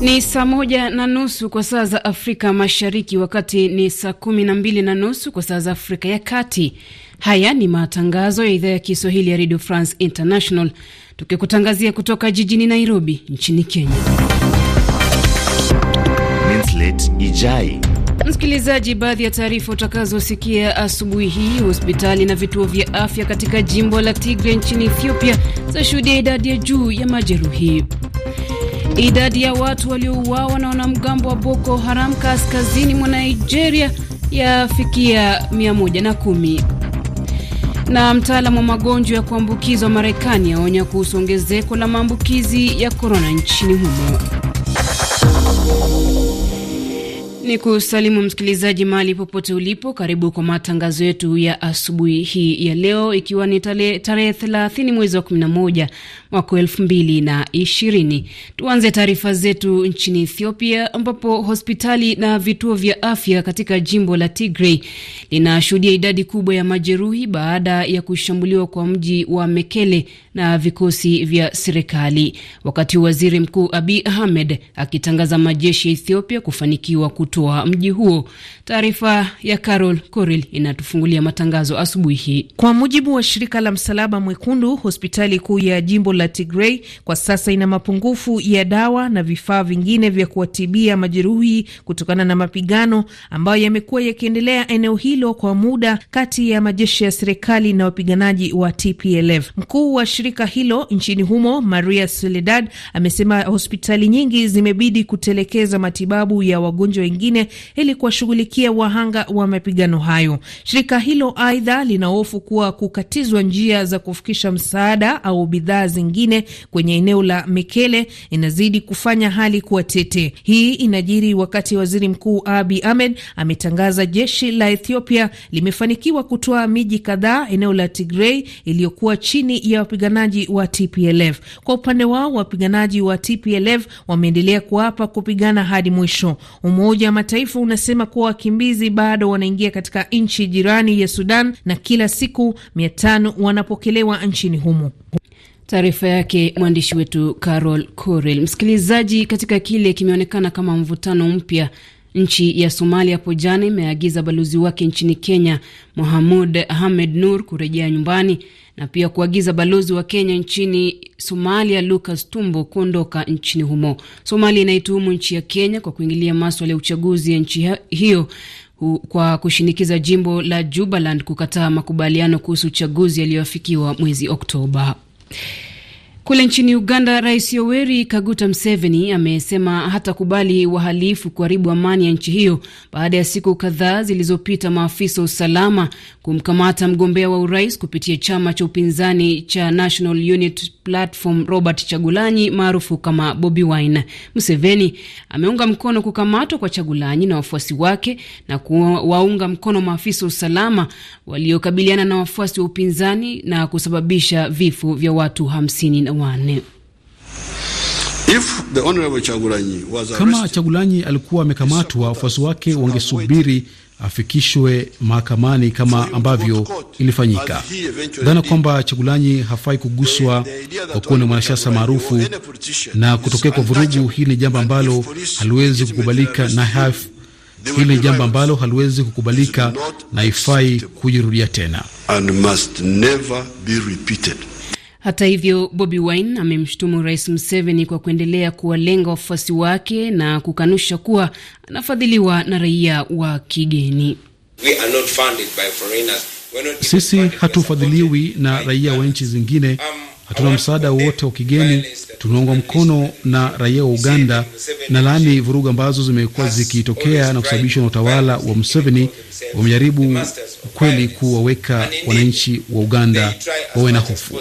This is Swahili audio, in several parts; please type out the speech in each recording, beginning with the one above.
Ni saa moja na nusu kwa saa za Afrika Mashariki, wakati ni saa kumi na mbili na nusu kwa saa za Afrika ya Kati. Haya ni matangazo ya idhaa ya Kiswahili ya Radio France International, tukikutangazia kutoka jijini Nairobi nchini Kenya. Ijai. Msikilizaji, baadhi ya taarifa utakazosikia asubuhi hii: hospitali na vituo vya afya katika jimbo la tigre nchini Ethiopia zashuhudia idadi ya juu ya majeruhi Idadi ya watu waliouawa na wanamgambo wa Boko Haram kaskazini mwa Nigeria yafikia 110. Na mtaalamu wa magonjwa ya kuambukizwa Marekani aonya kuhusu ongezeko la maambukizi ya korona nchini humo. Ni kusalimu msikilizaji mahali popote ulipo. Karibu kwa matangazo yetu ya asubuhi hii ya leo, ikiwa ni tarehe thelathini mwezi wa 11 mwaka ishirini Tuanze taarifa zetu nchini Ethiopia, ambapo hospitali na vituo vya afya katika jimbo la Tigray linashuhudia idadi kubwa ya majeruhi baada ya kushambuliwa kwa mji wa Mekele na vikosi vya serikali, wakati waziri mkuu abi Ahmed akitangaza majeshi ya Ethiopia kufanikiwa kutoa mji huo. Taarifa ya Carol Coril inatufungulia matangazo asubuhi hii. Kwa mujibu wa shirika la Msalaba Mwekundu, hospitali kuu ya jimbo la Tigray kwa sasa ina mapungufu ya dawa na vifaa vingine vya kuwatibia majeruhi kutokana na mapigano ambayo yamekuwa yakiendelea eneo hilo kwa muda kati ya majeshi ya serikali na wapiganaji wa TPLF. Mkuu wa shirika hilo nchini humo Maria Soledad amesema hospitali nyingi zimebidi kutelekeza matibabu ya wagonjwa wengine nyingine ili kuwashughulikia wahanga wa mapigano hayo. Shirika hilo aidha linahofu kuwa kukatizwa njia za kufikisha msaada au bidhaa zingine kwenye eneo la Mekele inazidi kufanya hali kuwa tete. Hii inajiri wakati waziri mkuu abi Ahmed ametangaza jeshi la Ethiopia limefanikiwa kutoa miji kadhaa eneo la tigrei iliyokuwa chini ya wapiganaji wa TPLF. Kwa upande wao, wapiganaji wa TPLF wameendelea kuapa kupigana hadi mwisho. Umoja ya Mataifa unasema kuwa wakimbizi bado wanaingia katika nchi jirani ya Sudan na kila siku mia tano wanapokelewa nchini humo. Taarifa yake mwandishi wetu Carol Corel. Msikilizaji, katika kile kimeonekana kama mvutano mpya Nchi ya Somalia hapo jana imeagiza balozi wake nchini Kenya Mohamud Ahmed Nur kurejea nyumbani na pia kuagiza balozi wa Kenya nchini Somalia Lucas Tumbo kuondoka nchini humo. Somalia inaituhumu nchi ya Kenya kwa kuingilia maswala ya uchaguzi ya nchi hiyo kwa kushinikiza jimbo la Jubaland kukataa makubaliano kuhusu uchaguzi yaliyoafikiwa mwezi Oktoba. Kule nchini Uganda, Rais Yoweri Kaguta Museveni amesema hatakubali wahalifu kuharibu amani ya nchi hiyo baada ya siku kadhaa zilizopita maafisa wa usalama kumkamata mgombea wa urais kupitia chama cha upinzani cha National Unit Platform Robert Chagulanyi maarufu kama Bobi Wine. Museveni ameunga mkono kukamatwa kwa Chagulanyi na wafuasi wake na kuwaunga mkono maafisa wa usalama waliokabiliana na wafuasi wa upinzani na kusababisha vifo vya watu hamsini wane. If the Honorable Chagulanyi was arrested, kama Chagulanyi alikuwa amekamatwa, wafuasi wake wangesubiri afikishwe mahakamani kama ambavyo ilifanyika. Dhana kwamba Chagulanyi hafai kuguswa kwa kuwa ni mwanasiasa maarufu na kutokea kwa vurugu, hili ni jambo ambalo haliwezi kukubalika na haf, hili ni jambo ambalo haliwezi kukubalika na ifai kujirudia tena and must never be repeated. Hata hivyo, Bobi Wine amemshutumu Rais Museveni kwa kuendelea kuwalenga wafuasi wake na kukanusha kuwa anafadhiliwa na raia wa kigeni. Sisi hatufadhiliwi na raia wa nchi zingine. Um, Hatuna msaada wowote wa kigeni, tunaungwa mkono na raia wa Uganda na laani vurugu ambazo zimekuwa zikitokea na kusababishwa na utawala wa Museveni. Wamejaribu kweli kuwaweka wananchi wa Uganda wawe na hofu.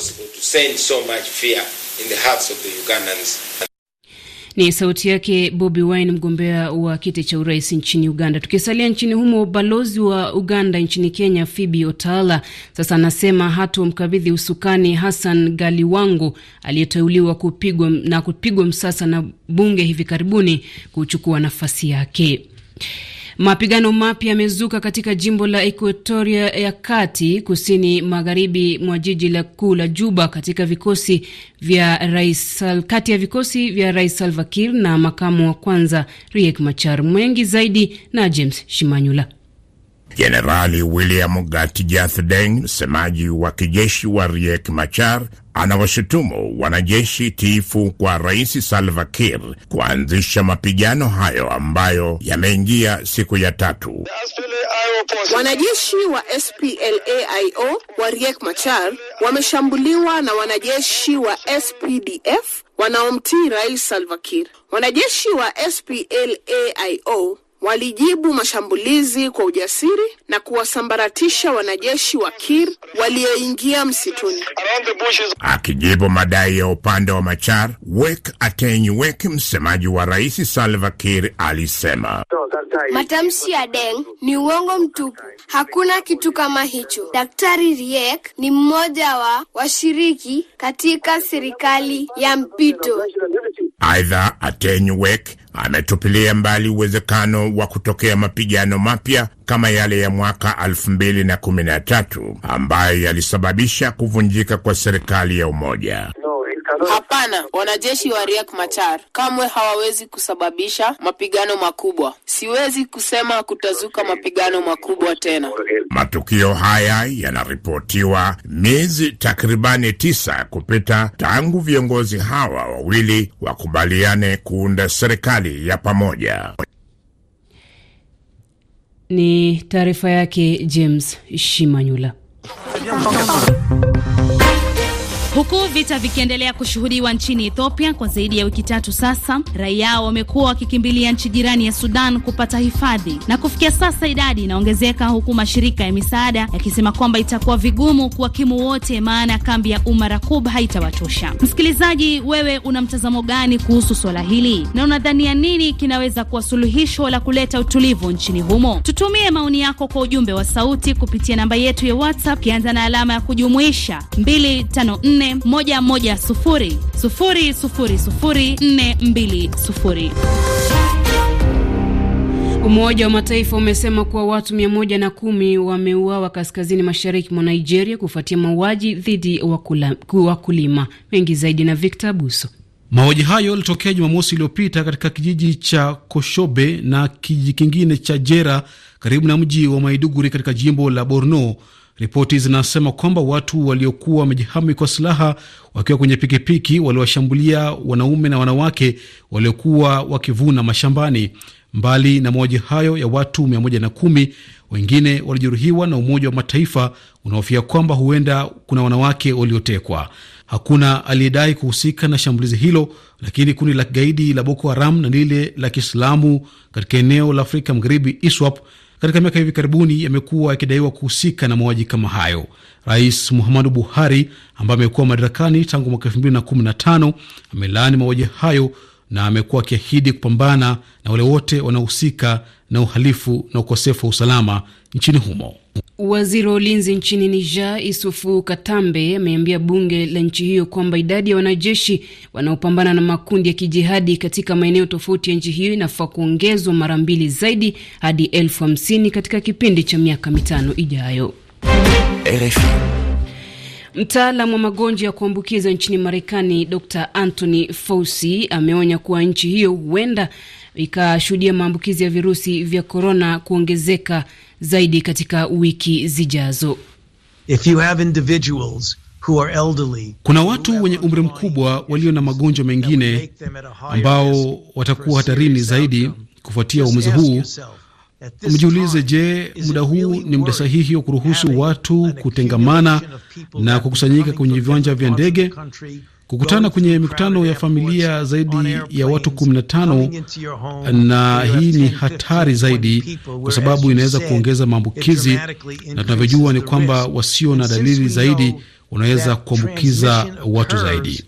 Ni sauti yake Bobi Wine, mgombea wa kiti cha urais nchini Uganda. Tukisalia nchini humo, balozi wa Uganda nchini Kenya Phoebe Otala sasa anasema mkabidhi usukani Hassan galiwango aliyeteuliwa kupigwa na kupigwa msasa na bunge hivi karibuni kuchukua nafasi yake. Mapigano mapya yamezuka katika jimbo la Ekuatoria ya Kati, kusini magharibi mwa jiji la kuu la Juba, katika vikosi vya rais, kati ya vikosi vya rais Salva Kiir na makamu wa kwanza Riek Machar. Mwengi zaidi na James Shimanyula. Jenerali William Gatijath Deng, msemaji wa kijeshi wa Riek Machar, anawashutumu wanajeshi tiifu kwa Rais Salva Kiir kuanzisha mapigano hayo ambayo yameingia siku ya tatu. Wanajeshi wa SPLAIO wa Riek Machar wameshambuliwa na wanajeshi wa SPDF wanaomtii Rais Salva Kiir. Wanajeshi wa SPLAIO walijibu mashambulizi kwa ujasiri na kuwasambaratisha wanajeshi wa Kir walioingia msituni. Akijibu madai ya upande wa Machar, Wek Ateny Wek, msemaji wa Rais Salva Kir, alisema matamshi ya Deng ni uongo mtupu, hakuna kitu kama hicho. Daktari Riek ni mmoja wa washiriki katika serikali ya mpito. Aidha, Ateny Wek ametupilia mbali uwezekano wa kutokea mapigano mapya kama yale ya mwaka 2013 ambayo yalisababisha kuvunjika kwa serikali ya umoja. Hapana, wanajeshi wa Riek Machar kamwe hawawezi kusababisha mapigano makubwa. Siwezi kusema kutazuka mapigano makubwa tena. Matukio haya yanaripotiwa miezi takribani tisa kupita tangu viongozi hawa wawili wakubaliane kuunda serikali ya pamoja. Ni taarifa yake James Shimanyula. Huku vita vikiendelea kushuhudiwa nchini Ethiopia kwa zaidi ya wiki tatu sasa, raia wamekuwa wakikimbilia nchi jirani ya Sudan kupata hifadhi, na kufikia sasa idadi inaongezeka, huku mashirika ya misaada yakisema kwamba itakuwa vigumu kuwakimu wote, maana kambi ya Kub haitawatosha. Msikilizaji, wewe una mtazamo gani kuhusu swala hili na unadhania nini kinaweza kuwa suluhisho la kuleta utulivu nchini humo? Tutumie maoni yako kwa ujumbe wa sauti kupitia namba yetu ya WhatsApp ukianza na alama ya kujumuisha 254 Umoja wa Mataifa umesema kuwa watu 110 wameuawa kaskazini mashariki mwa Nigeria kufuatia mauaji dhidi ya wakulima. Mengi zaidi na Victor Buso. Mauaji hayo yalitokea Jumamosi iliyopita katika kijiji cha Koshobe na kijiji kingine cha Jera karibu na mji wa Maiduguri katika jimbo la Borno. Ripoti zinasema kwamba watu waliokuwa wamejihami kwa silaha wakiwa kwenye pikipiki waliwashambulia wanaume na wanawake waliokuwa wakivuna mashambani. Mbali na mauaji hayo ya watu 110 wengine walijeruhiwa, na Umoja wa Mataifa unahofia kwamba huenda kuna wanawake waliotekwa. Hakuna aliyedai kuhusika na shambulizi hilo, lakini kundi la kigaidi la Boko Haram na lile la Kiislamu katika eneo la Afrika Magharibi ISWAP katika miaka hivi karibuni yamekuwa yakidaiwa kuhusika na mauaji kama hayo. Rais Muhammadu Buhari ambaye amekuwa madarakani tangu mwaka tano amelaani mauaji hayo na amekuwa akiahidi kupambana na wale wote wanaohusika na uhalifu na ukosefu wa usalama nchini humo. Waziri wa ulinzi nchini Niger, Isufu Katambe, ameambia bunge la nchi hiyo kwamba idadi ya wanajeshi wanaopambana na makundi ya kijihadi katika maeneo tofauti ya nchi hiyo inafaa kuongezwa mara mbili zaidi hadi elfu hamsini katika kipindi cha miaka mitano ijayo. Mtaalam wa magonjwa ya kuambukiza nchini Marekani, Dr Anthony Fauci ameonya kuwa nchi hiyo huenda ikashuhudia maambukizi ya virusi vya korona kuongezeka zaidi katika wiki zijazo. If you have individuals who are elderly, kuna watu wenye umri mkubwa walio na magonjwa mengine ambao watakuwa hatarini zaidi kufuatia uamuzi huu. Mjiulize, je, muda huu ni muda sahihi wa kuruhusu watu kutengamana na kukusanyika kwenye viwanja vya ndege? kukutana kwenye mikutano ya familia zaidi ya watu 15, na hii ni hatari zaidi kwa sababu inaweza kuongeza maambukizi, na tunavyojua ni kwamba wasio na dalili zaidi wanaweza kuambukiza watu zaidi.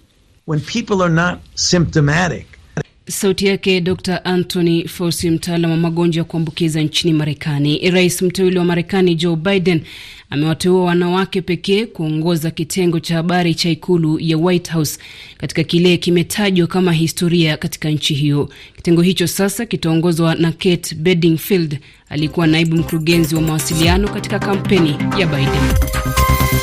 Sauti yake Dr Anthony Fauci, mtaalam wa magonjwa ya kuambukiza nchini Marekani. Rais mteule wa Marekani Joe Biden amewateua wanawake pekee kuongoza kitengo cha habari cha ikulu ya White House katika kile kimetajwa kama historia katika nchi hiyo. Kitengo hicho sasa kitaongozwa na Kate Bedingfield, aliyekuwa naibu mkurugenzi wa mawasiliano katika kampeni ya Biden.